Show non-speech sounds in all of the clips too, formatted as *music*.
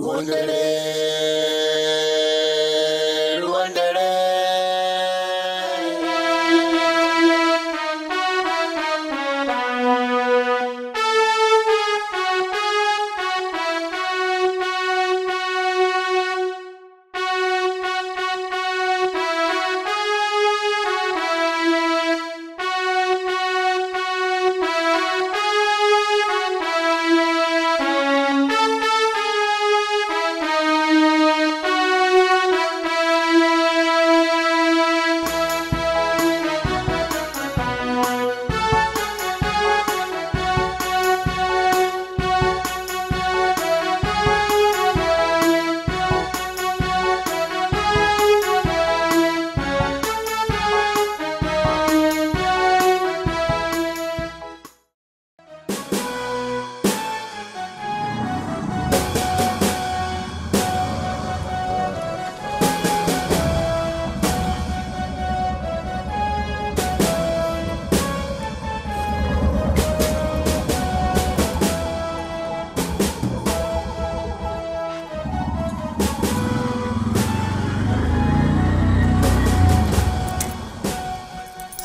Wonderland.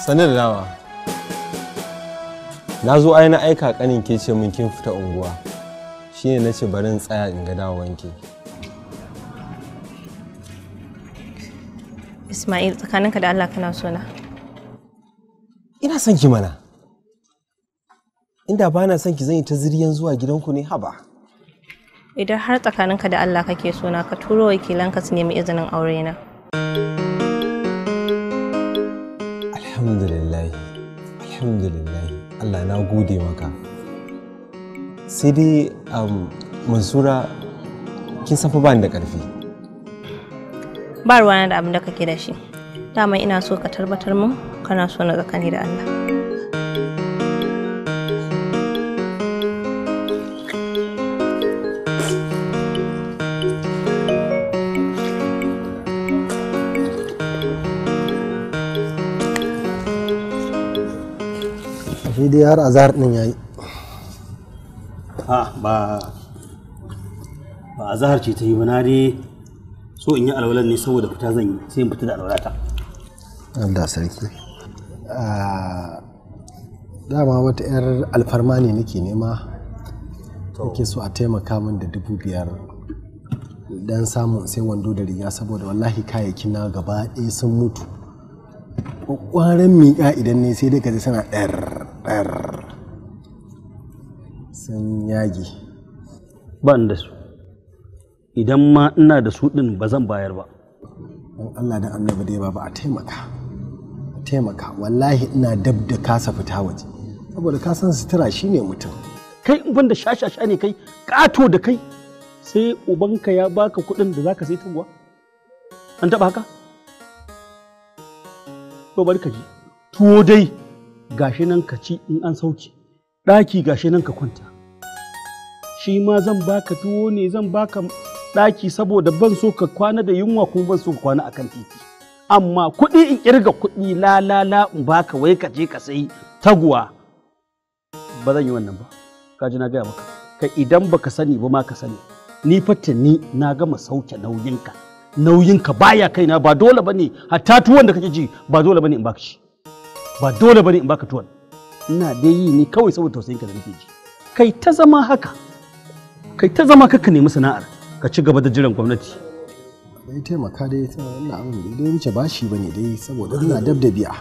Sani da dama Na zo ai aika kanin ke ce min kin fita unguwa. Shine na ce barin tsaya in ga wanke. Ismail tsakaninka da Allah kana so na. Ina son ki mana. Inda ba na son ki zan yi ta ziryan zuwa gidanku ne haba. Idan har tsakaninka da Allah kake so na ka turo wakilanka su nemi izinin aure na. alhamdulillahi alhamdulillahi allah na gode maka sai dai um, mansura kin san fa bani da ƙarfi ba ruwana da abin da kake da shi dama ina so ka tarbatar mun kana so na ga kani da allah shi dai har azhar din yayi ha ba ba azhar ce ta yi ba na dai so in yi alwalar ne saboda fita zan yi sai in fita da alwalata Allah sarki ah, dama wata 'yar alfarma ne nake nema nake so a taimaka min da dubu biyar dan samun sai wando da riga saboda wallahi kayayyakin na gaba ɗaya sun mutu ƙwaƙwaren miƙa idan ne sai dai ka ji suna ɗar ɓar sun yagi ban da su idan ma ina da su ɗin ba zan bayar ba don allah da annabi dai ba a taimaka taimaka wallahi ina dab da kasa fita waje saboda ka san sutura shine mutum kai in banda shashasha ne kai kato da kai sai ubanka ya baka kuɗin da zaka sai taguwa an taɓa haka to bari ka ji tuwo dai gashi nan ka ci in an sauke ɗaki gashi nan ka kwanta shi ma zan baka tuwo ne zan baka ɗaki saboda ban so ka kwana da yunwa kuma ban so ka kwana akan titi amma kuɗi in kirga kuɗi la la la in baka wai ka je ka sai, taguwa ba zan yi wannan ba ka ji na gaya maka ka idan baka sani ba ma ka sani ni fatta ni na gama sauke nauyinka nauyinka baya kaina ba dole bane hatta tuwon da kake ji ba dole bane in baka shi ba dole bane in baka tuwon ina dai yi ne kawai saboda tausayin ka da nake ji kai ta zama haka kai ta zama kaka nemi sana'ar ka ci gaba da jiran gwamnati bai taimaka dai ta wannan abin da dai wuce bashi bane dai saboda ina dab da biya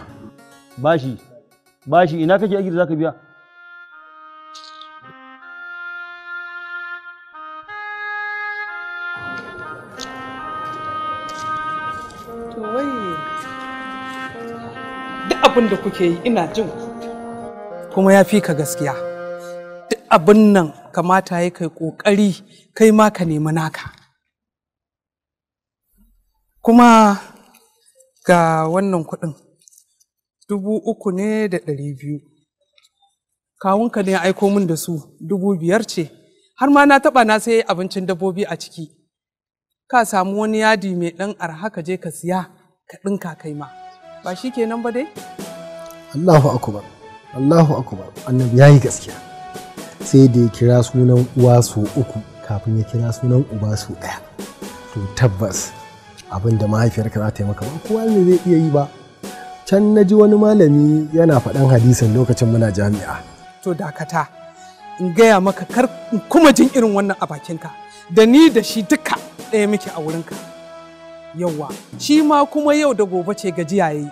bashi bashi ina kake aiki da zaka biya abin da kuke yi ina jin kuma ya fi ka gaskiya duk abin nan kamata ya kai ƙoƙari kai ma ka nemi naka kuma ga wannan kuɗin dubu uku ne da ɗari biyu kawunka ne ya aiko min da su dubu biyar ce har ma na taɓa na sai abincin dabbobi a ciki ka samu wani yadi mai ɗan arha ka je ka siya ka ɗinka kai ma ba shi kenan ba dai Allahu akubar Allahu akubar annabi ya yi gaskiya sai da ya kira sunan uwa su uku kafin ya kira sunan uba su ɗaya to tabbas abin da mahaifiyarka za ta yi maka ba kowa ne zai iya yi ba can na ji wani malami yana faɗan hadisan lokacin muna jami'a to dakata in gaya maka kar kuma jin irin wannan a bakinka da ni da shi duka ɗaya muke a wurinka yauwa shi ma kuma yau da gobe ce gajiya yayi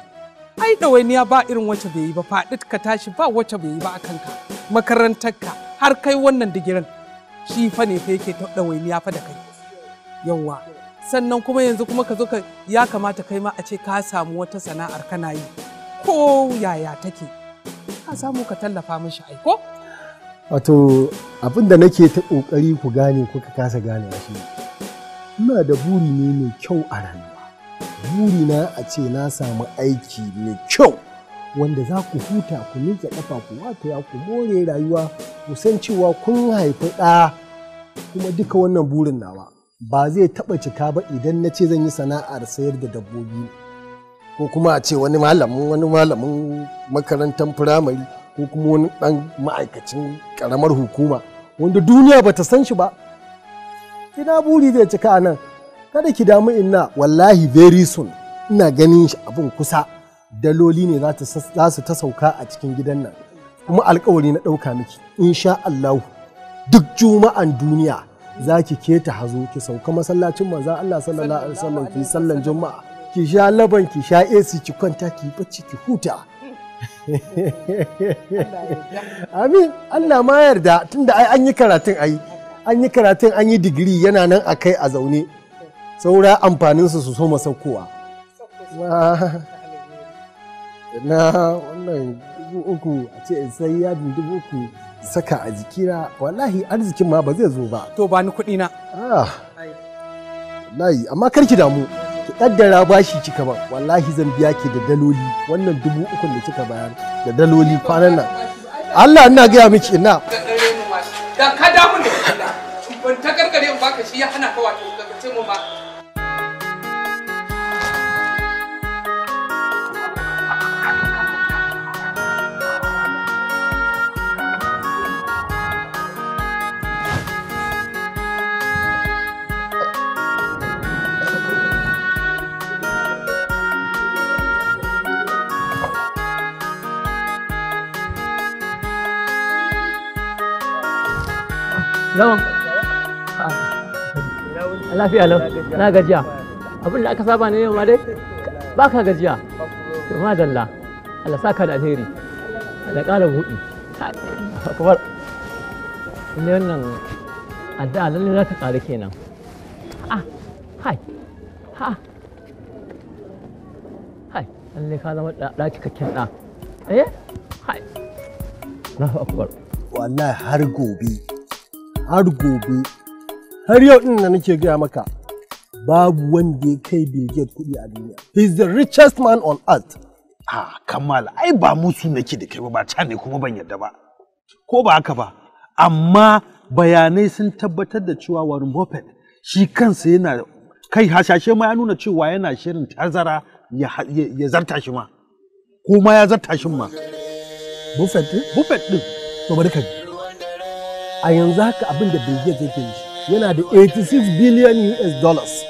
ai ɗawainiya ba irin wacce bai yi ba faɗi ka tashi ba wacce bai yi ba a kanka makarantarka har kai wannan digirin shi fa ne fa yake ɗawainiya fa da kai yawa sannan kuma yanzu kuma ka zo ka ya kamata kai ma a ce ka samu wata sana'ar kana yi ko yaya take ka samu ka tallafa mishi ai ko wato abin da nake ta kokari ku gane kuka kasa gane shi ina da buri ne mai kyau a rayuwa burina a ce na samu aiki mai kyau wanda za ku huta ku miƙe ƙafa ku wato ya ku more rayuwa ku san cewa kun haifi ɗa kuma duka wannan burin nawa ba zai taɓa cika ba idan na ce zan yi sana'ar sayar da dabbobi ko kuma a ce wani malamin wani malamin makarantar firamare ko kuma wani ɗan ma'aikacin karamar hukuma wanda duniya ba ta san shi ba ina buri zai cika a nan kada ki damu inna wallahi very soon ina ganin shi abin kusa daloli ne za su ta sauka a cikin gidan nan kuma alkawari na ɗauka miki insha Allah duk juma'an duniya za ki keta hazo ki sauka masallacin manzan Allah sallallahu alaihi wasallam ki sallan juma'a ki sha laban ki sha AC ki kwanta ki bacci ki huta *laughs* amin Allah ma yarda tunda ai an yi karatun ai an yi karatun an yi digiri yana nan akai a zaune saura amfaninsu su soma saukowa na wannan dubu uku a ce in sai yadin dubu uku saka a jikina wallahi arzikin ma ba zai zo ba to ba ni kuɗi na ah, wallahi amma kar ki damu ki kaddara bashi kika ba wallahi zan biya ki da daloli wannan dubu ukun da kika bayar da daloli kwanan nan Allah ina gaya miki ina da ka damu da Allah ban ta karkare in baka shi ya hana ka wato ka ce mu ba Lawan. Ah. Lafiya lau. Na gajiya. Abin da aka saba ne yau ma dai? Ba ka gajiya. To madalla. Allah da alheri. ƙara buɗi. Kamar. Ne wannan addu'a lalle za kenan. Ah, hai. Ha. Hai, lalle ka zama ɗa. Eh? Hai. Wallahi har gobe. har gobe har yau din da nake gaya maka babu wanda ya kai Bill Gates kuɗi a duniya. He is the richest man on earth. Ah, Kamal, ai ba musu nake da kai ba ba can ne kuma ban yarda ba. Ko ba haka ba, amma bayanai sun tabbatar da cewa Warren Buffett shi kansa yana kai hashashe ma ya nuna cewa yana shirin tazara ya zarta shi ma. Ko ma ya zarta shi ma. Buffett din? Buffett din. To bari ka ji. a yanzu haka abin da Bill yake shi yana da 86 billion US dollars.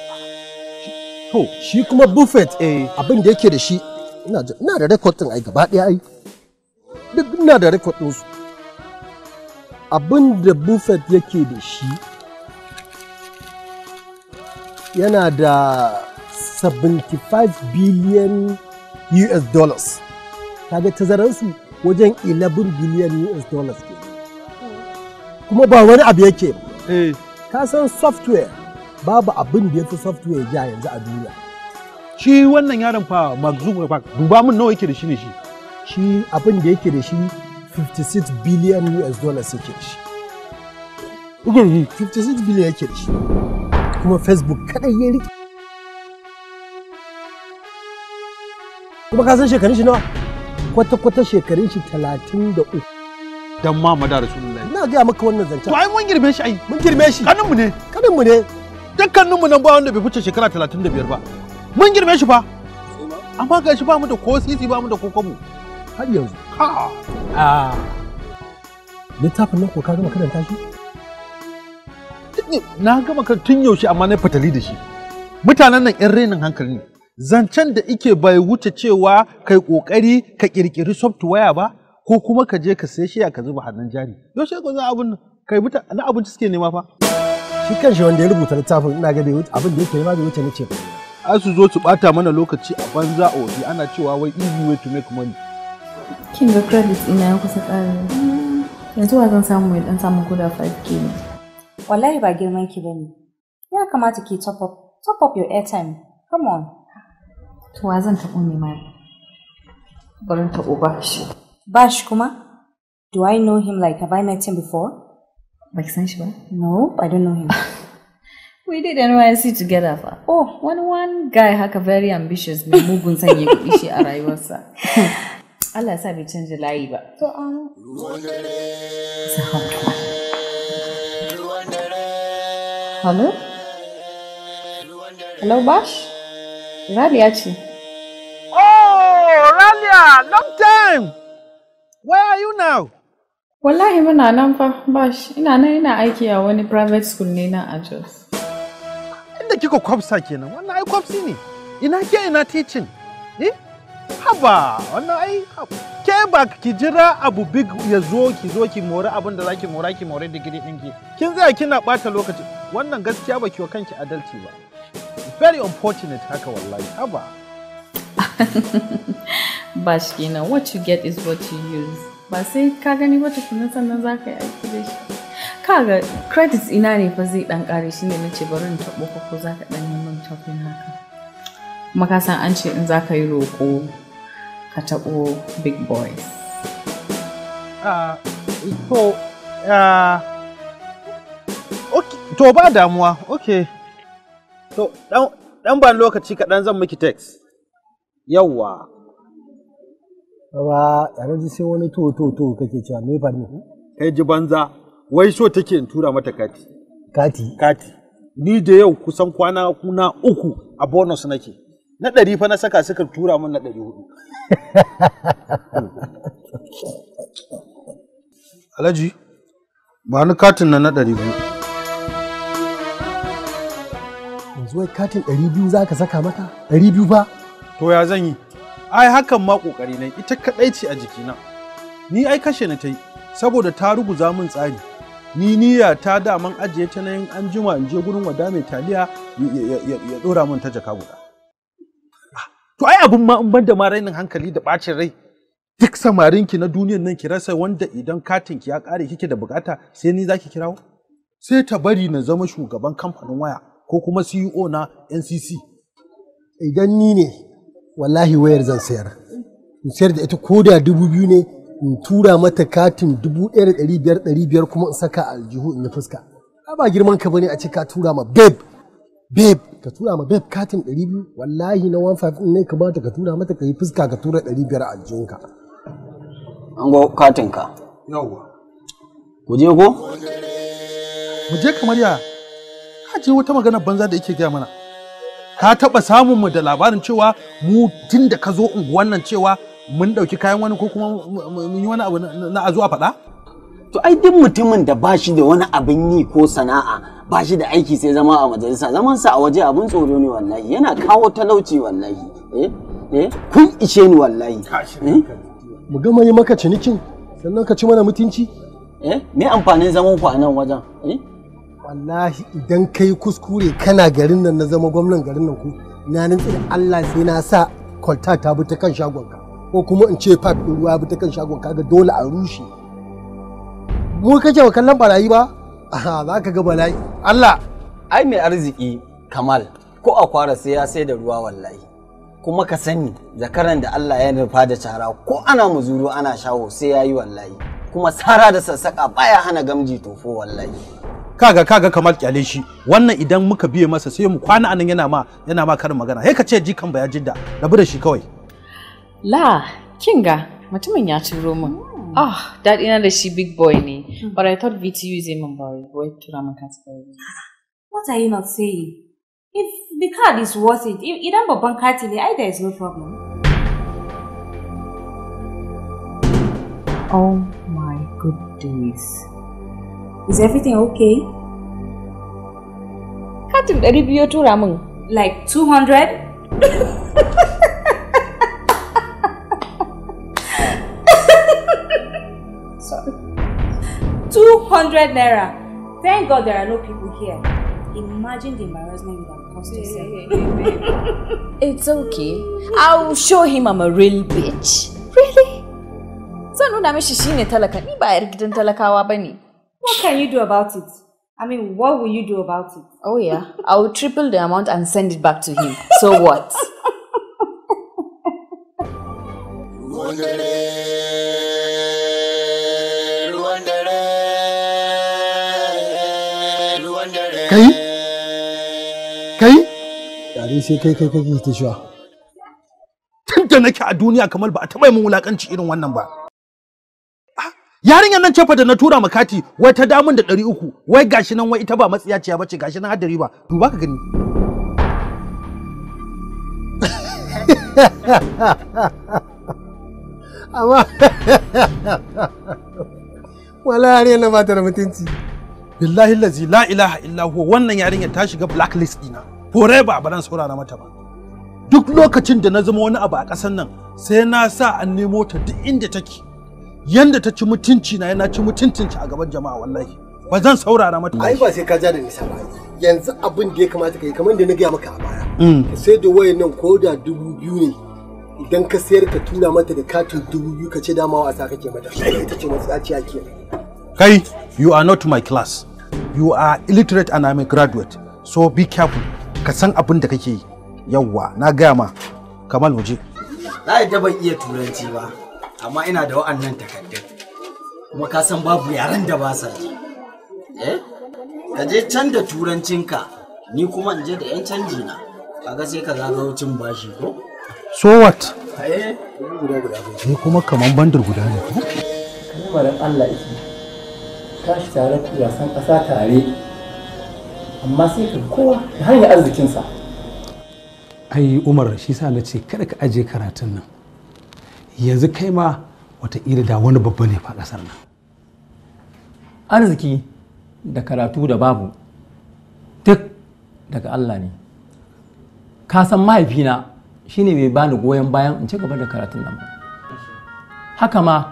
To, shi kuma Buffett eh abin da yake da shi ina da record din ai gaba daya ai. Duk ina da record din su. Abin da Buffett yake da shi yana da 75 billion US dollars. Kaga tazaransu wajen 11 billion US dollars kenan. kuma ba wani abu yake eh. ka san software babu abin da ya fi software ja yanzu a duniya shi wannan yaron fa Mark Zuckerberg duba min nawa yake da shi ne shi shi abin da yake da shi 56 billion US dollars yake da shi 56 billion yake da shi kuma Facebook kadai ya rike kuma ka san shekarun shi nawa kwata-kwata shekarun shi 33 dan Muhammadu Rasulullahi ina ga maka wannan zancen to ai mun girme shi ai mun girme shi kanin mu ne kanin mu ne dukkanin mu nan ba wanda bai fice shekara 35 ba mun girme shi fa amma ga shi ba mu da ko sisi ba mu da kwamu. har yanzu ha a ah. littafin nan ko ka gama karanta shi na gama kan tun yaushe amma na fatali da shi mutanen nan yan renin hankali ne zancen da ike bai wuce cewa kai kokari ka kirkiri software ba ko kuma ka je ka sai shi ka zuba hannun jari yaushe ko za abun kai mutan na abinci suke nema fa shi kanshi wanda ya rubuta littafin ina ga bai abin da yake nema bai wuce na ce ba su zo su bata mana lokaci a banza a waje ana cewa wai easy way to make money kin ga credit ina ya kusa ƙarewa yanzu wa zan samu mai dan samu koda 5k ne wallahi ba girman ki bane ya kamata ki top up top up your airtime come on to wa zan taɓo ne ma barin taɓo ba shi Bash kuma? Do I know him like have I met him before? Baki san shi ba? No, I don't know him. *laughs* We did NYC together fa. Oh, wani one guy haka very ambitious mai mugun sanya kuɗi shi a rayuwarsa. *laughs* Allah ya sa bi canza layi ba. To an. Um, Hello? Hello Bash? Raliya ce. Oh, Raliya, long time! Where are you now? Wallahi muna nan fa bash ina nan ina aiki a wani private school ne na a Jos. Inda kika kwafsa kenan wannan ai kwafsi ne. Ina ke ina teaching? Eh? Haba wannan ai ke ba ki jira abu big ya zo ki zo ki mori abin da zaki mora ki mori digiri ɗinki. Kin tsaya kina ɓata lokaci wannan gaskiya ba ki wa kanki adalci ba. Very unfortunate haka wallahi haba. *laughs* bash kenan what you get is what you use ba sai ka gani ba tukunan sannan za ka yi aiki da shi kaga credits ina ne fa zai dan kare shi ne nace bari in tabo ko ko za ka dan yi min tafin haka kuma ka san an ce in za ka yi roko ka tabo big boys ah, to ah, to ba damuwa okay to dan ban lokaci kaɗan zan miki text yawwa ba yana ji sai wani to to to kake cewa me ne? kai ji banza wai so take in tura mata kati kati kati ni da yau kusan kwana kuna uku a bonus nake na ɗari fa na saka suka tura min na ɗari hudu *laughs* alhaji ba ni katin na na ɗari biyu yanzu wai katin ɗari biyu za ka saka mata ɗari biyu ba to ya zan yi ai hakan ma kokari nan ita kadai ce a jikina ni ai kashe na ta yi saboda ta ruguza min tsari ni niyya ta daman ajiye ta na yin an jima in je gurin wada mai taliya ya dora min ta jaka guda ah, to ai abun ma in banda ma rainin hankali da bacin rai duk samarinki na duniyan nan ki rasa wanda idan katin ki ya kare kike da bukata sai ni zaki kirawo sai ta bari na zama shugaban kamfanin waya ko kuma CEO na NCC idan ni ne wallahi wayar zan sayar in sayar da ita koda dubu biyu ne in tura mata katin dubu ɗaya da ɗari biyar ɗari biyar kuma in saka a aljihu in yi fuska ba girman ka bane a ce ka tura ma babe babe ka tura ma babe katin ɗari biyu wallahi na 15 ne ka bata ka tura mata ka yi fuska ka tura ɗari biyar a aljihunka an go katin ka yawwa ku je ko mu je kamar ya ka je wata magana banza da yake gaya mana ka taɓa samun mu da labarin cewa mu tun da ka zo unguwan nan cewa mun ɗauki kayan wani ko kuma mun yi wani abu na a zuwa faɗa? To ai duk mutumin da ba shi da wani abin yi ko sana'a ba shi da aiki sai zama a majalisa zaman sa a waje abin tsoro ne wallahi yana kawo talauci wallahi eh eh kun ishe ni wallahi eh? mu gama yi maka cinikin sannan ka ci mana mutunci eh me amfanin zaman ku a nan wajen eh wallahi idan kai kuskure kana garin nan na zama gwamnan garin nan ku na nutsi da Allah sai na sa kwalta ta bi ta kan shagonka ko kuma in ce pipe ɗin ruwa bi ta kan shagonka ga dole a rushe mu kake wa kallon barayi ba aha za ka ga bala'i Allah ai mai arziki kamal ko a kwara sai ya sai da ruwa wallahi kuma ka sani zakaran da Allah ya nufa da tara ko ana muzuru ana shawo sai ya yi wallahi kuma sara da sassaƙa baya hana gamji tofo wallahi kaga kaga kamar kyale shi wannan idan muka biye masa sai mu kwana anan yana ma yana ma karin magana sai ka ce jikan baya jidda rabu da shi kawai la kinga mutumin ya turo min hmm. ah dadi na da shi big boy ne hmm. but i thought vtu is a member boy tura min kansa what are you not saying if the card is worth it idan babban kati ne ai there is no problem oh days. Is everything okay? Katin ɗari biyu tura min. Like 200? Sorry. 200 naira. Thank God there are no people here. Imagine the embarrassment that caused yourself. it's okay. I'll show him I'm a real bitch. Really? zan nuna mishi shine talaka ni ba yar gidan talakawa ba ne. what can you do about it i mean what will you do about it oh yeah i will triple the amount and send it back to him so what kai kai Dari sai kai kai kai ta shuwa tun da nake a duniya kamar ba a taɓa yi mun wulaƙanci irin wannan ba yarinyar nan ce fa da na tura makati wai ta damun da ɗari uku wai gashi nan wai ita ba matsiyaciya bace gashi nan hadari ba duba ka gani *laughs* amma *laughs* wala ne na mata da mutunci billahi lazi la ilaha illa huwa wannan yarinyar ta shiga blacklist dina forever ba ran saurara mata ba duk lokacin da na zama wani abu a ƙasar nan sai na sa an nemo ta duk inda take yanda ta ci mutunci na yana ci mutuncin a gaban jama'a wallahi ba zan saurara mata ai ba sai ka ja da nisa ba yanzu abin da ya kamata kai kamar da na gaya maka a baya mm. sai da wayan nan ko da dubu biyu ne idan ka sayar ka tura mata da katin dubu biyu ka ce dama wasa kake mata ta ce matsaciya ke kai you are not my class you are illiterate and I'm a graduate so be careful ka san abin da kake yi yawwa na gaya ma kamal muje na yadda ban iya turanci ba amma ina da wa'annan takardun kuma ka san babu yaren da ba sa ji eh ka je can da turancinka ni kuma in je da yan canji na kaga sai ka zagayo wucin bashi ko so what eh ni kuma kaman bandar guda ne ko kalmarin Allah yake tashi tare wasan ƙasa tare amma sai ka kowa da hanyar arzikinsa ai umar shi sa na ce kada ka aje karatun nan yanzu kai ma wataƙila da wani babba ne fa ƙasar nan arziki da karatu da babu duk daga Allah ne ka san mahaifina shine mai bani goyon bayan in ci gaba da karatun nan haka ma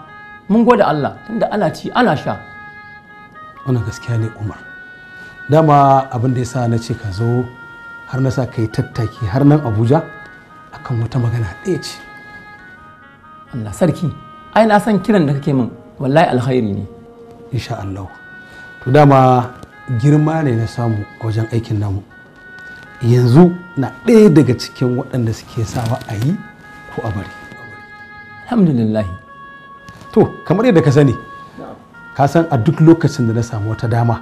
mun gode Allah tunda ana ci ana sha wannan gaskiya ne Umar dama abin da yasa na ce ka zo har na sa kai tattaki har nan Abuja akan wata magana ɗaya ce Allah sarki ai na san kiran da kake min wallahi alkhairi ne insha Allah to dama girma ne na samu wajen aikin namu yanzu na ɗaya daga cikin waɗanda suke sawa a yi ko a bari alhamdulillah to kamar yadda ka sani ka san a duk lokacin da na samu wata dama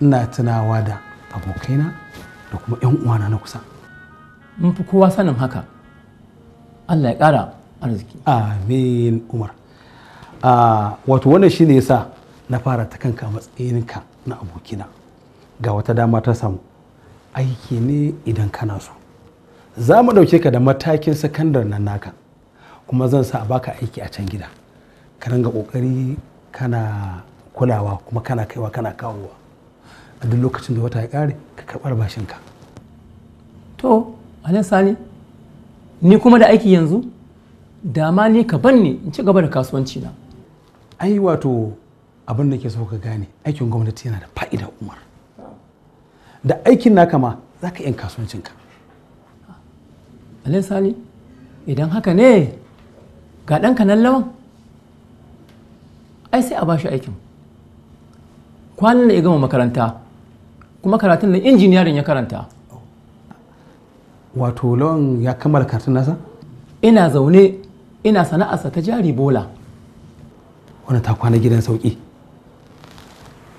ina tunawa da abokaina da kuma 'yan uwana na kusa mun fi kowa sanin haka Allah ya ƙara arziki amin umar ah, wato wannan shine yasa na fara ta kanka matsayinka na abokina ga wata dama ta samu aiki ne idan kana so za mu ɗauke ka da matakin sakandar nan naka kuma zan sa a baka aiki a can gida ka ringa ƙoƙari kana kulawa kuma kana kaiwa kana kawowa a duk lokacin da wata ya kare ka karɓar bashinka to alin sani ni kuma da aiki yanzu dama ne ni ban ne in ci gaba da kasuwanci na ai wato abin da ke so ka gane aikin gwamnati yana da fa'ida umar da aikin na kama za ka yin kasuwancinka alai sani idan haka ne ga ɗan nan lawan ai sai a bashi aikin kwanan da ya gama makaranta kuma karatun da injiniyarin ya karanta wato lawan ya kammala karatun nasa ina zaune ina sana'arsa ta jari bola wani ta kwana gidan sauki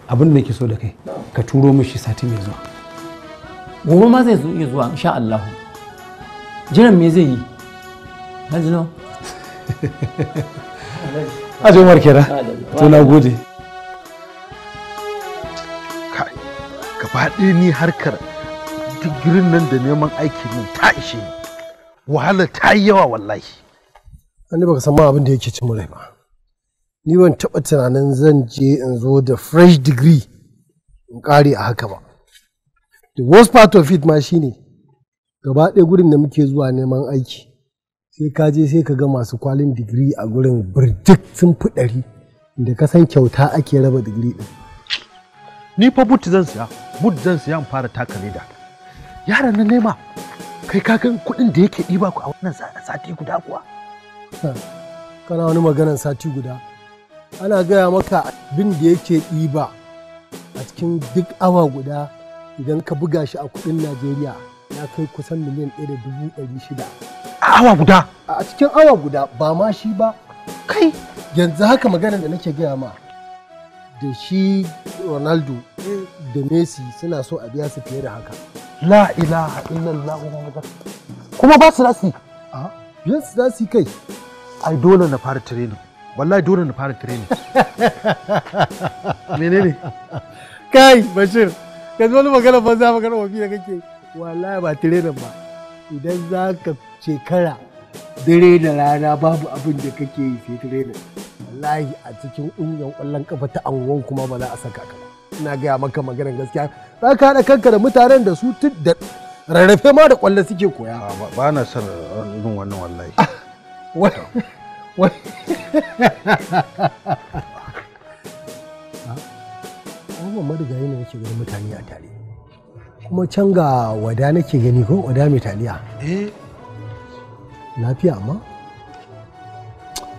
abinda da ke so da kai ka turo mishi sati mai zuwa gobe ma zai iya zuwa insha Allah jiran me zai yi hajjino *laughs* hajji umar kera to na gode ka faɗi ni harkar digirin nan da neman aikin nan ta ishe wahala ta yi yawa wallahi wani baka san abin da yake cin rai ba ni ban taɓa tunanin zan je in zo da fresh degree in ƙare a haka ba the worst part of it ma shine gaba ɗaya gurin da muke zuwa neman aiki sai ka je sai ka ga masu kwalin digiri a gurin birjik sun fi ɗari da ka san kyauta ake raba digiri ɗin. ni fa but zan siya but zan siya in fara taka leda yaran na nema kai kakan kuɗin da yake ɗiba ku a wannan sati guda kuwa kana wani maganan sati guda ana gaya maka bin da yake ɗiba a cikin duk awa guda idan ka buga shi a kudin najeriya ya kai kusan miliyan ɗaya da dubu ɗari shida a awa guda a cikin awa guda ba ma shi ba kai yanzu haka maganar da nake gaya ma da shi ronaldo da messi suna so a biya su fiye da haka la ilaha illallah kuma ba su rasi a biyan su rasi kai ai dole na fara training wallahi dole na fara training *laughs* menene kai bashir ka zo magana ba za magana wafi da kake wallahi ba training ba idan za ka shekara dare da rana babu abin da kake yi sai training wallahi a cikin ungan kwallon kafa ta anguwan kuma ba za a saka ka ina gaya maka magana gaskiya za ka haɗa kanka da mutanen da su da rarrafe ma da kwallo suke koya ba na son irin wannan wallahi *laughs* Abubuwan marigayi ne yake ganin mutane a tare. Kuma can ga wada nake gani ko wada mai taliya. Eh. Lafiya amma?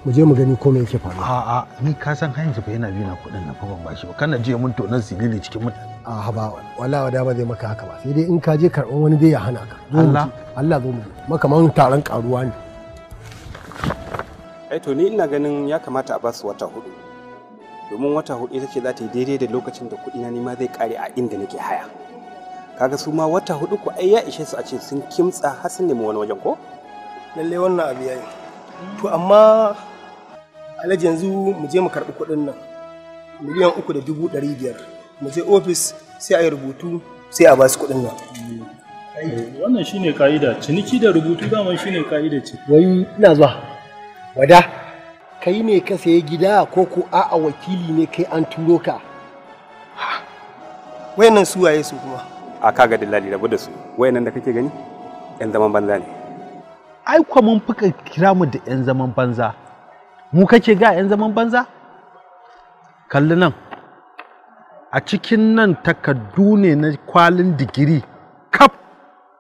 Mu je mu gani ko me yake faru. A'a ni ka san hanyar fa yana biyu na kuɗin na fa ban bashi ba. Kana je mun tonan silili cikin mutane. A'a ba wala wada ba zai maka haka ba. Sai dai in ka je karɓar wani dai ya hana ka. Allah Allah zo mu. Makaman taron karuwa ne. ai to ni ina ganin ya kamata a basu wata hudu domin wata hudu ita ce za ta yi daidai da lokacin da kuɗi na nima zai kare a inda nake haya kaga su ma wata hudu ku ai ya ishe su a ce sun kimtsa har sun nemi wani wajen ko lalle wannan abu yayi to amma alhaji yanzu mu je mu karɓi kuɗin nan miliyan uku da dubu ɗari biyar mu je ofis sai a yi rubutu sai a ba su kuɗin nan wannan shine ka'ida ciniki da rubutu daman shine ka'ida ce wai ina zuwa Wada, kai ne ka saye gida ko ko a'a wakili ne kai an turo ka? Wayannan su waye su kuma? A kaga dillali rabu da su, wayannan da kake gani? 'Yan zaman banza ne. Ai kuwa mun fuka kira mu da 'yan zaman banza. Mu kake ga 'yan zaman banza? Kalli nan, a cikin nan takardu ne na kwalin digiri kaf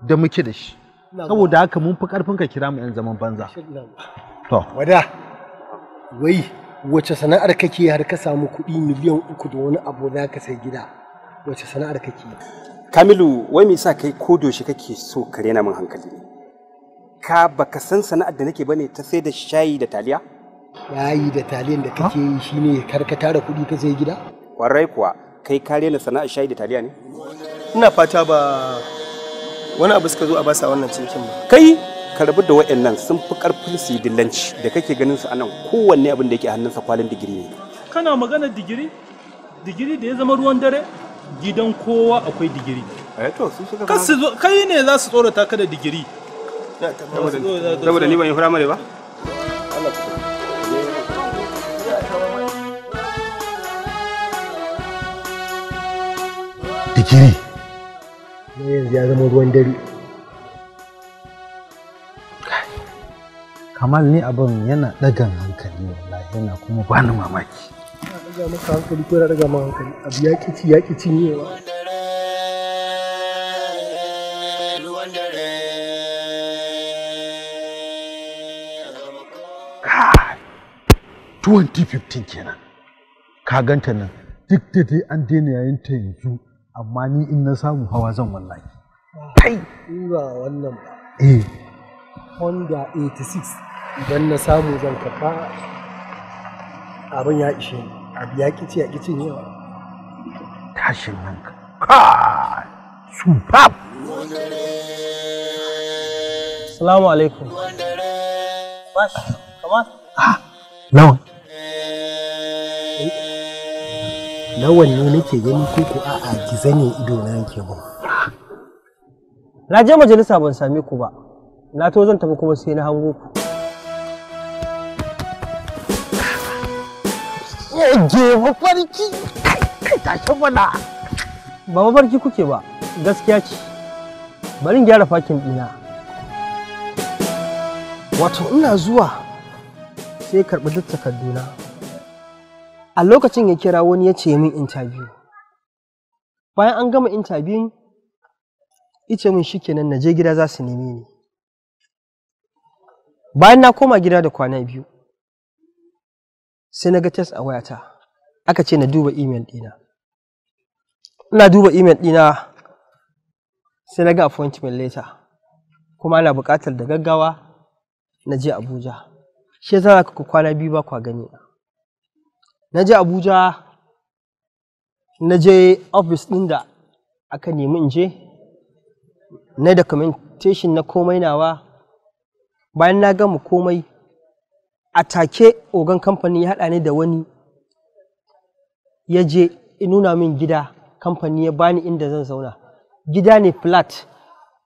da muke da shi. Saboda haka mun fi karfin ka kira mu 'yan zaman banza. To. Wada. Wai wace sana'ar kake har ka samu kuɗi miliyan uku da wani abu za ka sai gida? Wace sana'ar kake? Kamilu, wai me yasa kai ko doshi kake so ka rena min hankali ne? Ka baka san sana'ar da nake bane ta sai da shayi da taliya? Shayi da taliyan da kake yi shine kar ka tara kuɗi ka sai gida? Warai kuwa, kai ka rena sana'ar shayi da taliya ne? Ina fata ba wani abu suka zo a basa wannan cikin ba. Kai karbi da waɗannan sun fi ƙarfin su dillanci da kake ganin su anan kowanne abin da yake hannunsa kwalin digiri ne kana magana digiri digiri da ya zama ruwan dare gidan kowa akwai digiri eh kai ne za su tsorata ka da digiri saboda ni ban yi firamare ba digiri yanzu ya zama ruwan dare Kamal ni abin yana ɗagan hankali wallahi yana kuma bani mamaki. Yana maka hankali ko yana ɗaga hankali abu Kai 2015 kenan ka ganta nan duk da dai an daina yayin ta yanzu amma ni in na samu hawa zan wallahi. Kai! Ura wannan ba. Eh. Honda 86. idan na samu zan kafa, abin ya ishe ni abu ya kici ya kicin yawa tashin hanka ka superb salamu alaikum ah, nawa Nawa ne nake gani ko ko a giza ne ido na yake ba na je majalisa ban same ku ba na to zan tafi kuma sai na hango ku shege mafarki tashi fada. ba mafarki kuke ba gaskiya ce bari gyara fakin ɗina wato ina zuwa sai karɓi duk takarduna a lokacin ya kira wani ya ce min intabiyu bayan an gama intabiyun ice min shi kenan na je gida za su neme ni bayan na koma gida da kwana biyu sai na ga test a wayata aka ce na duba email dina, ina duba email dina sai na ga appointment later kuma ana buƙatar da gaggawa na je abuja shi zana ku kwana biyu ba kwa gani na je abuja na je office ɗin da aka nemi in je na documentation na komai nawa bayan na gama komai a take ogan kamfani ya haɗa ne da wani ya je nuna min gida kamfani ya bani inda zan zauna gida ne flat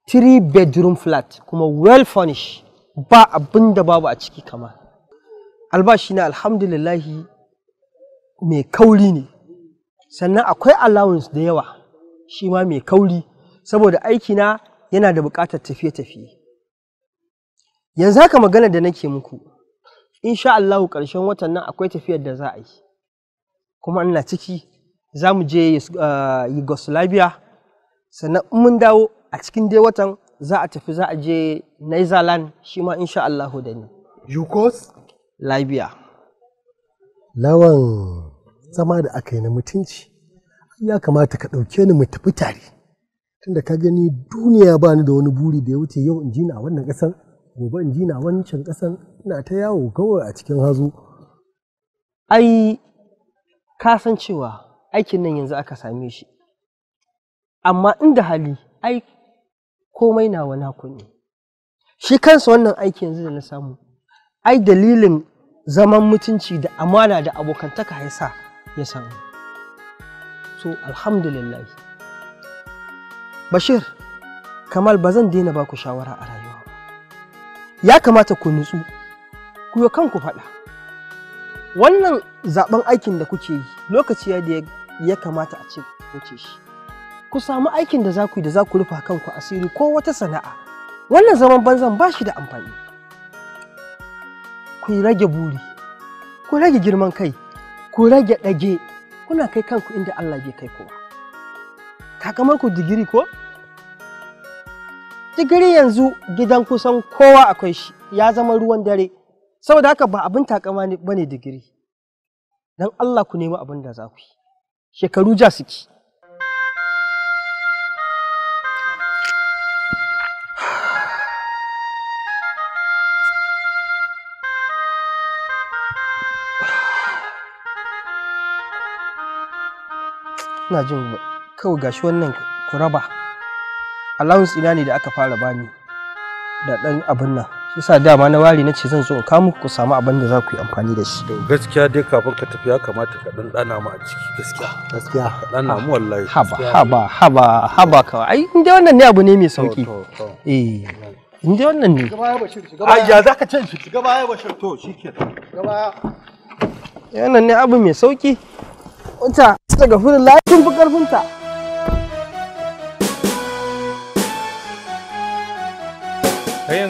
three bedroom flat kuma well furnished ba abin da babu a ciki kama albashi na alhamdulillahi mai kauri ne sannan akwai allowance da yawa shi ma mai kauri saboda aikina yana da bukatar tafiye-tafiye yanzu haka magana da nake muku insha Allahu ƙarshen watan nan akwai tafiyar da za a yi kuma ina ciki za mu je eh, Yugoslavia sannan mun dawo a cikin dai watan za a tafi za a je Netherlands shi ma insha Allahu da ni Yugoslavia lawan zama da aka yi na mutunci ya kamata ka ɗauke ni mu tafi tare tunda ka gani duniya ba ni da wani buri da ya wuce yau in ji na wannan ƙasar gobe in ji wancan ƙasar ina ta yawo kawai a cikin hazo ai ka san cewa aikin nan yanzu aka same shi amma inda hali ai komai na wani ne shi kansa wannan aiki yanzu da na samu ai dalilin zaman mutunci da amana da abokantaka haisa ya samu so alhamdulillah bashir kamal ba zan daina ba ku shawara a rayuwa ya kamata ku nutsu ku yi kanku faɗa wannan zaɓen aikin da kuke yi lokaci ya da ya kamata a ce wuce shi ku samu aikin da za ku yi da za ku rufa kanku asiri ko wata sana'a wannan zaman banzan ba shi da amfani ku rage buri ku rage girman kai ku rage ɗage kuna kai kanku inda Allah bai kai kowa takamar ku digiri ko digiri yanzu gidan kusan kowa akwai shi ya zama ruwan dare saboda haka ba abin takama ba ne digiri don Allah ku nemi abin da za ku yi shekaru ja suke ina jin kawai gashi wannan kuraba allowance ina ne da aka fara bani da ɗan abin nan yasa dama na wari na ce zan zo in kawo muku ku samu abin da za ku yi amfani da shi. Gaskiya dai kafin ka tafi ya kamata ka dan dana mu a ciki gaskiya. Gaskiya. Ka dana mu wallahi. Haba haba haba haba kawai. Ai inda wannan ne abu ne mai sauki. Eh. inda wannan ne. Gaba ya bashir shiga Ai ya zaka ce shi shiga baya bashir to shikenan. Gaba. Wannan ne abu mai sauki. Wata daga furin lafin fi karfinta.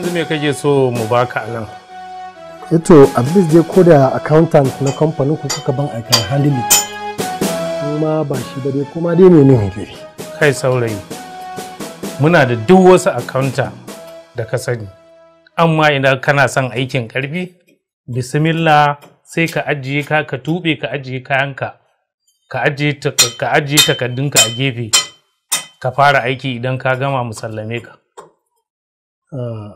yanzu me kake so mu baka a nan ito eh abdul dai ko da accountant na kamfanin ku kuka ban aikin handling kuma ba shi ba dai kuma dai mene ne kai saurayi muna da duk wasu accountant da ka sani amma idan kana son aikin karfi bismillah sai ka ajiye ka ka tube ka ajiye kayanka ka ajiye ka ajiye takaddunka a gefe ka fara aiki idan ka gama musallame ka ah,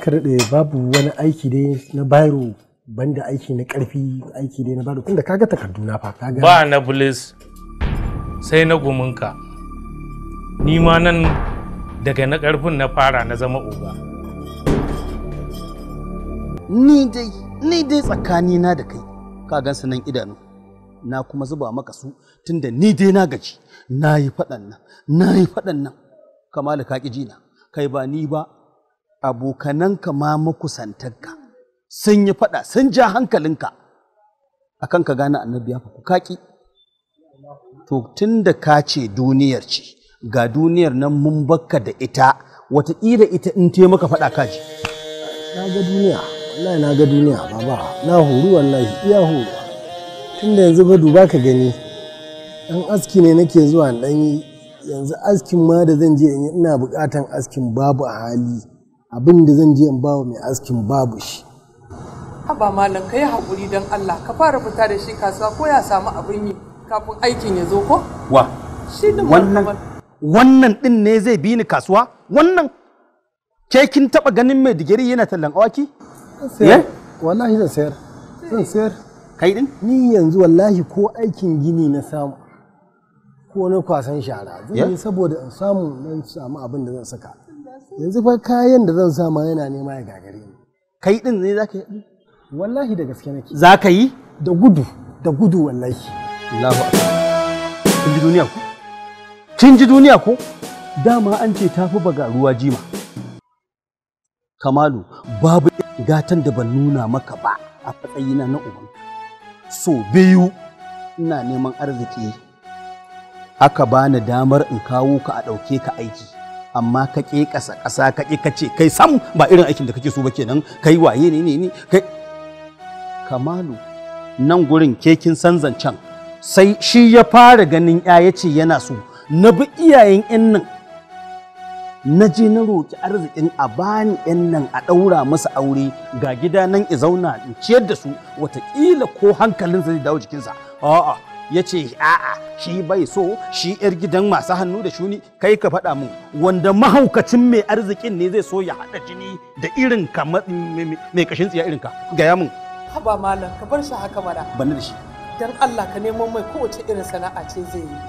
ka daɗe babu wani aiki dai na bayro banda aiki na ƙarfi aiki dai na bayro tunda ka ga takarduna fa ga ba na bulis sai na guminka ni ma nan daga na ƙarfin na fara na zama uba ni dai ni dai tsakanina da kai ka gan nan idanu na kuma zuba maka su tunda ni dai na gaji na yi faɗan nan na yi faɗan nan kamala ka ƙi jina kai ba ni ba abokananka ma makusantanka sun yi faɗa sun ja hankalinka akan ka gane annabi ya ku kaki to tun da ka ce duniyar ce ga duniyar nan mun bakka da ita wataƙila ita in te maka faɗa ji na ga duniya wallahi na ga duniya baba na horu wallahi iya horu tun da yanzu ba duba ka gani dan aski ne nake zuwa dan yanzu askin ma da zan je ina buƙatan askin babu a hali abin da zan je in bawa mai askin babu shi haba malam ka yi haƙuri don Allah ka fara fita da shi kasuwa ko ya samu abin yi kafin aikin ya zo ko wa wannan wannan din ne zai bi ni kasuwa wannan ke kin taba ganin mai digiri yana tallan awaki eh? wallahi zan sayar zan sayar kai din ni yanzu wallahi ko aikin gini na samu ko na kwasan shara zan yi saboda in samu nan samu abin da zan saka yanzu fa kayan da zan sama yana nema ya gagare ni kai din ne zaka yi wallahi da gaske nake zaka yi da gudu da gudu wallahi Allahu akbar ji duniya ko kin ji duniya ko dama an ce tafi baga ruwa jima kamalu babu gatan da ban nuna maka ba a matsayina na uban so biyu ina neman arziki aka bani damar in kawo ka a ɗauke ka aiki amma ka ƙi ƙasa ƙasa ka ƙi ka kai sam ba irin aikin da kake so ba kenan kai waye ne ne ne kai kamalu nan gurin kekin san zancen sai shi ya fara ganin ya yace yana so na bi iyayen yan nan na je na roƙi arzikin a bani yan nan a ɗaura masa aure ga gida nan i zauna in ciyar da su watakila ko hankalinsa zai dawo jikinsa a'a ya ce a'a shi bai so shi yar gidan masu hannu da shuni kai ka faɗa mun wanda mahaukacin mai arzikin ne zai so ya haɗa jini da irin ka mai kashin tsiya irin ka gaya mun haba malam ka bar shi haka mana bani da shi dan Allah ka neman mai kowace irin sana'a ce zai yi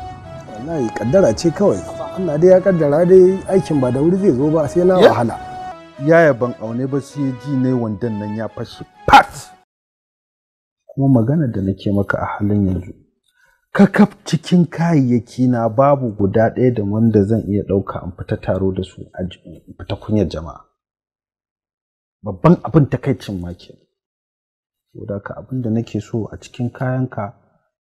wallahi kaddara ce kawai Allah dai ya kaddara dai aikin ba da wuri zai zo ba sai na wahala yaya ban aune ba sai ji ne wandan nan ya fashi pat kuma magana da nake maka a halin yanzu kakaf cikin kayayyaki na babu guda ɗaya da wanda zan iya ɗauka in fita taro da su a fita kunyar jama'a babban abin ta takaicin ma ke saboda ka abin da nake so a cikin kayanka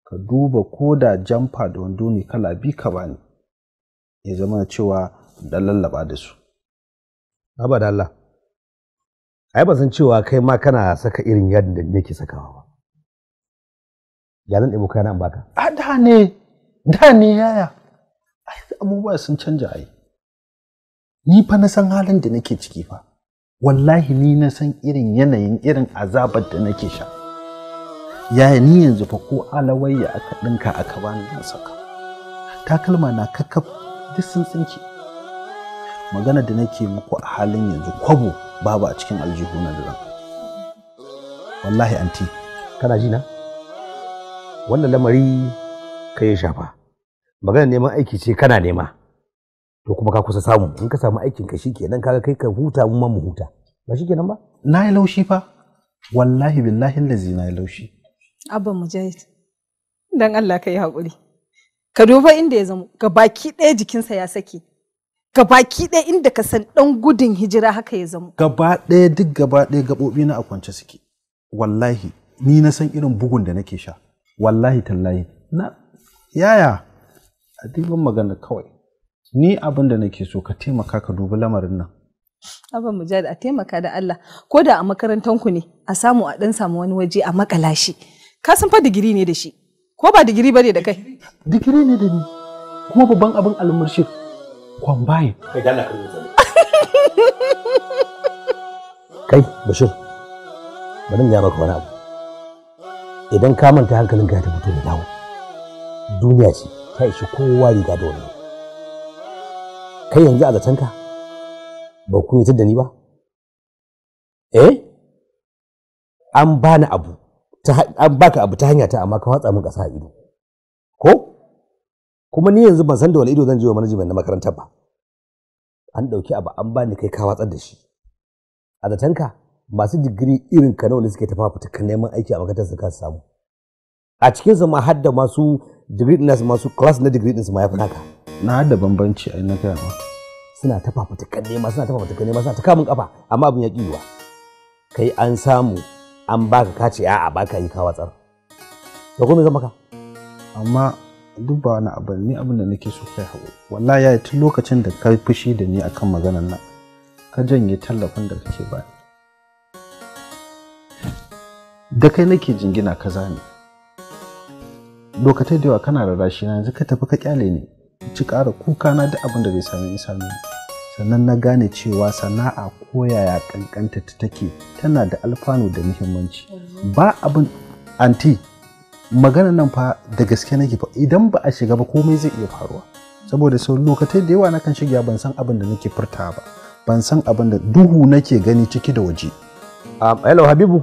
ka duba ko da jamfa da wando ne kala bi ka bani ya zama cewa dan lallaba da su abada Allah ai ba san cewa kai ma kana saka irin yadda da nake sakawa ba ya zan ɗebo kayana baka a da ne da ne yaya ai abubuwa sun canja ai ni fa na san halin da nake ciki fa wallahi ni na san irin yanayin irin azabar da nake sha yaya ni yanzu fa ko alawayya aka ɗinka aka bani na saka takalma na kakkaf duk sun tsinke magana da nake muku a halin yanzu kwabo babu a cikin aljihu na wallahi anti kana ji na wannan lamari ka yi shafa magana neman aiki ce kana nema to kuma ka kusa samu in ka samu aikin ka shikenan kaga kai ka huta mu ma mu huta ba shikenan ba na yi laushi fa wallahi billahi lazi na yi laushi abba mujahid dan Allah ka yi hakuri ka duba inda ya zamo ga baki ɗaya jikinsa ya sake ga baki ɗaya inda ka san ɗan gudun hijira haka ya zamo gaba ɗaya duk gaba ɗaya gaɓoɓi na a kwance suke wallahi ni na san irin bugun da nake sha wallahi tallahi na yaya a dubin magana kawai ni abin da nake so ka taimaka ka dubi lamarin nan abin mujahid a taimaka da Allah ko da a makarantar ku ne a samu a dan samu wani waje a makala shi ka san fa digiri ne da shi ko ba digiri bane da kai digiri ne da ni kuma babban abin almurshid kwambaye kai da Allah *laughs* kai bashir bari ya maka wani abu idan ka manta hankalin ka ya fito da dawo duniya ce ta ishi kowa riga da wannan kai yanzu a zaton ka ba ku yi da ni ba eh an ba ni abu an baka abu ta hanya ta amma ka watsa min ƙasa a ido ko kuma ni yanzu ban san da wani ido zan je wa manajimen na makarantar ba an ɗauki abu an bani kai ka watsar da shi a zaton ka masu digiri irin ka nawa ne suke tafa fitukan neman aiki a makarantar su kansu samu a cikin su ma har da masu digiri ɗin su masu class na digiri din su ma ya fi naka na da bambanci a na gaya ma suna tafa fitukan nema suna tafa fitukan nema suna ta kamun kafa amma abin ya kiwa kai an samu an baka kace a baka yi kawa watsar da kuma zama ka amma duk ba wani abu ne abin da nake so kai hawo wallahi ya tun lokacin da ka fushi da ni akan maganar nan ka janye tallafin da kake bani da kai nake jingina kaza ne lokacin da yawa kana da rashi na yanzu ka tafi ka kyale ne ci ƙara kuka na duk abin da zai same ni same sannan na gane cewa sana'a koyaya yaya kankanta ta take tana da alfanu da muhimmanci ba abin anti magana nan fa da gaske nake fa idan ba a shiga ba komai zai iya faruwa saboda sau lokacin da yawa nakan shiga ban san abin da nake furta ba ban san abin da duhu nake gani ciki da waje um, hello habibu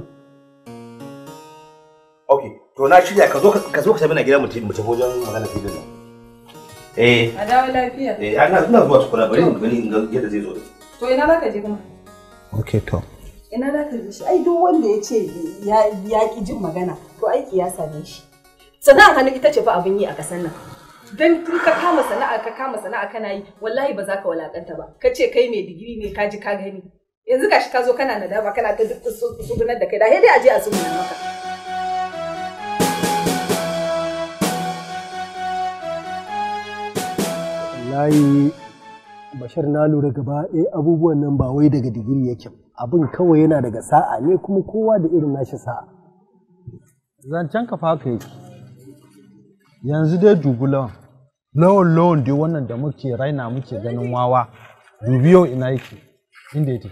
to na shirya ka zo ka zo ka tafi na gidan mu tafi wajen magana filin nan eh a dawo lafiya eh ana ina zuwa tukuna bari mu gani yadda zai zo to ina za ka je kuma okay to ina za ka je shi ai duk wanda ya ce ya ki jin magana to aiki ya same shi sana'a hannu ita ce fa abin yi a kasan nan dan tun ka kama sana'a ka kama sana'a kana yi wallahi ba za ka walakanta ba ka ce kai mai digiri ne ka ji ka gani yanzu gashi ka zo kana nadama kana ta duk tsugunar da kai da hede aje a je a tsugunar maka wallahi bashar na lura gaba abubuwan nan ba wai daga digiri yake abin kawai yana daga sa'a ne kuma kowa da irin nashi sa'a zancen ka faka yake yanzu dai dubu lawan lawan lawan dai wannan da muke raina muke ganin wawa dubi yau ina yake inda yake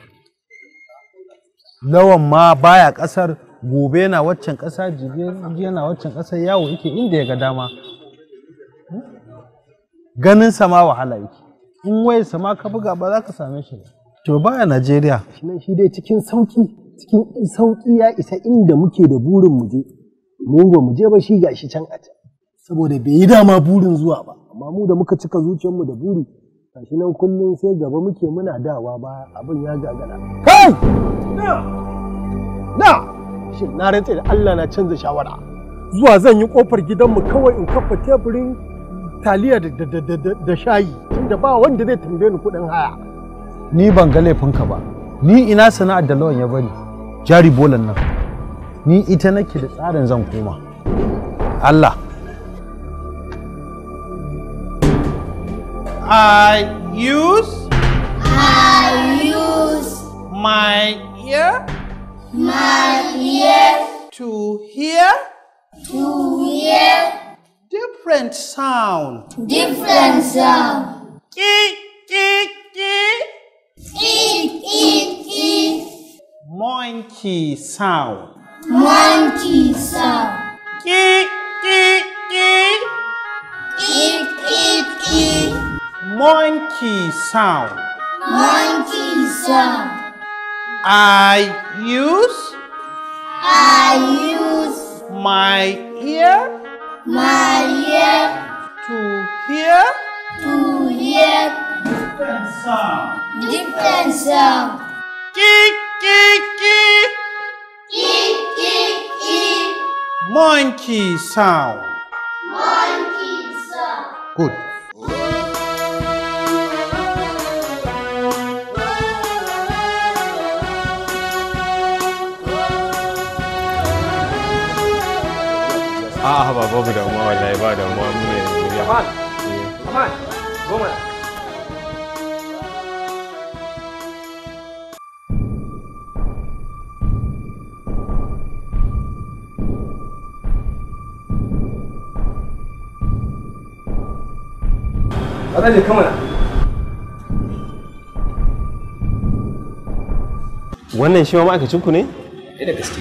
lawan ma baya kasar gobe na waccan kasa jibi na waccan kasa yawo yake inda ya ga dama ganin sama wahala yake in waye sama ka buga ba za ka same shi ba to baya Najeriya shi dai cikin sauki cikin sauki ya isa inda muke da burin mu je mu ba mu je ba shi gashi can a can saboda bai yi dama burin zuwa ba amma mu da muka cika zuciyar mu da buri gashi nan kullum sai gaba muke muna dawa ba abin ya gagara kai na na shin na rantsa da Allah na canza shawara zuwa zan yi kofar gidanmu kawai in kafa teburin taliya da shayi inda ba wanda zai tambaye ni kuɗin haya ni ban ga laifinka ba ni ina sana'ar da lawan ya bari. jari bolan nan ni ita nake da tsarin zan koma Allah I use I use my ear my ear to hear to hear Different sound. Different sound. Ki ki ki. Ki ki ki. Monkey sound. Monkey sound. Ki ki ki. Ki ki ki. Monkey sound. Monkey sound. I use. I use. My ear. My ear To hear. To hear. Different sound. Different sound. Ki ki ki. Ki ki ki. Monkey sound. Monkey sound. Good. a'a ba babu da umma wallahi ba da umma eh. wannan shi ma ma'aikacinku ne? Eh da gaske.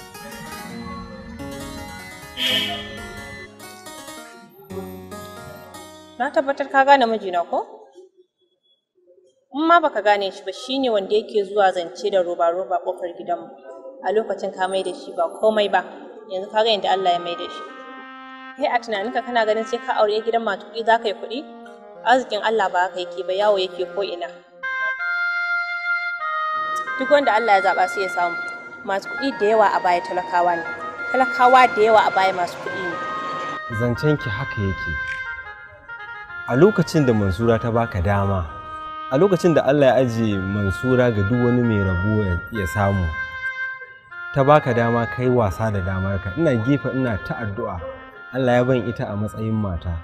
tabbatar ka gane mijina ko in ma baka gane shi ba shine wanda yake zuwa zance da roba roba kofar gidanmu a lokacin ka mai da shi ba komai ba yanzu ka ga yadda Allah ya mai da shi kai a tunaninka kana ganin sai ka aure gidan matuƙi za ka yi kuɗi arzikin Allah ba haka yake ba yawo yake ko ina duk wanda Allah ya zaba sai ya samu masu kuɗi da yawa a baya talakawa ne talakawa da yawa a baya masu kuɗi ne zancen ki haka yake a lokacin da mansura ta baka dama a lokacin da allah ya ajiye mansura ga duk wani mai rabo ya samu ta baka dama kai wasa da damarka ina gefe ina ta addu'a allah ya ban ita a matsayin mata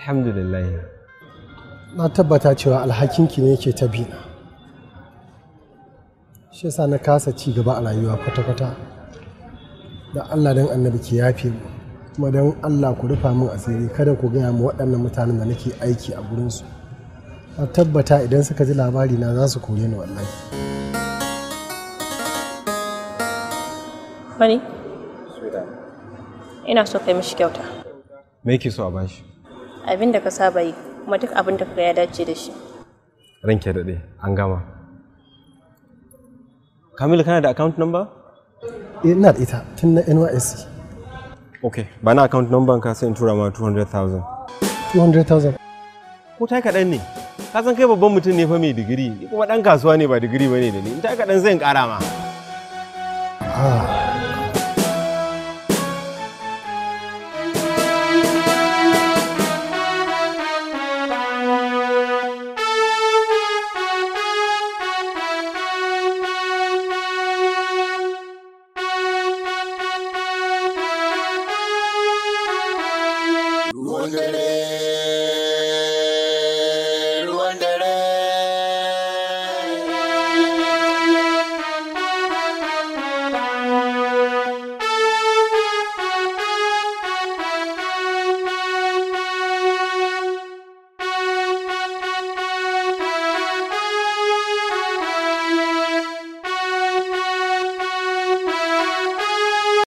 alhamdulillah na tabbata cewa alhakinki ne ke ta bina shi yasa na kasa ci gaba a rayuwa kwata-kwata da allah don annabi ke yafe mu kuma don allah ku rufa min asiri kada ku gaya mu waɗannan mutanen da nake aiki a gurinsu a tabbata idan suka ji labari na za su kore ni wallahi wani ina so kai mishi kyauta me yake so a bashi abin da ka saba yi kuma duk abin da ka ya dace da shi ranke daɗe an gama kamilu kana da account number eh, ina da ita tun na nysc okay bana account number ka sai in tura ma 200,000 200,000 ko ta kaɗan ne ka san kai babban mutum ne fa mai digiri kuma ɗan kasuwa ne ba digiri ba ne da ni in ta kaɗan zan ƙara ma ah.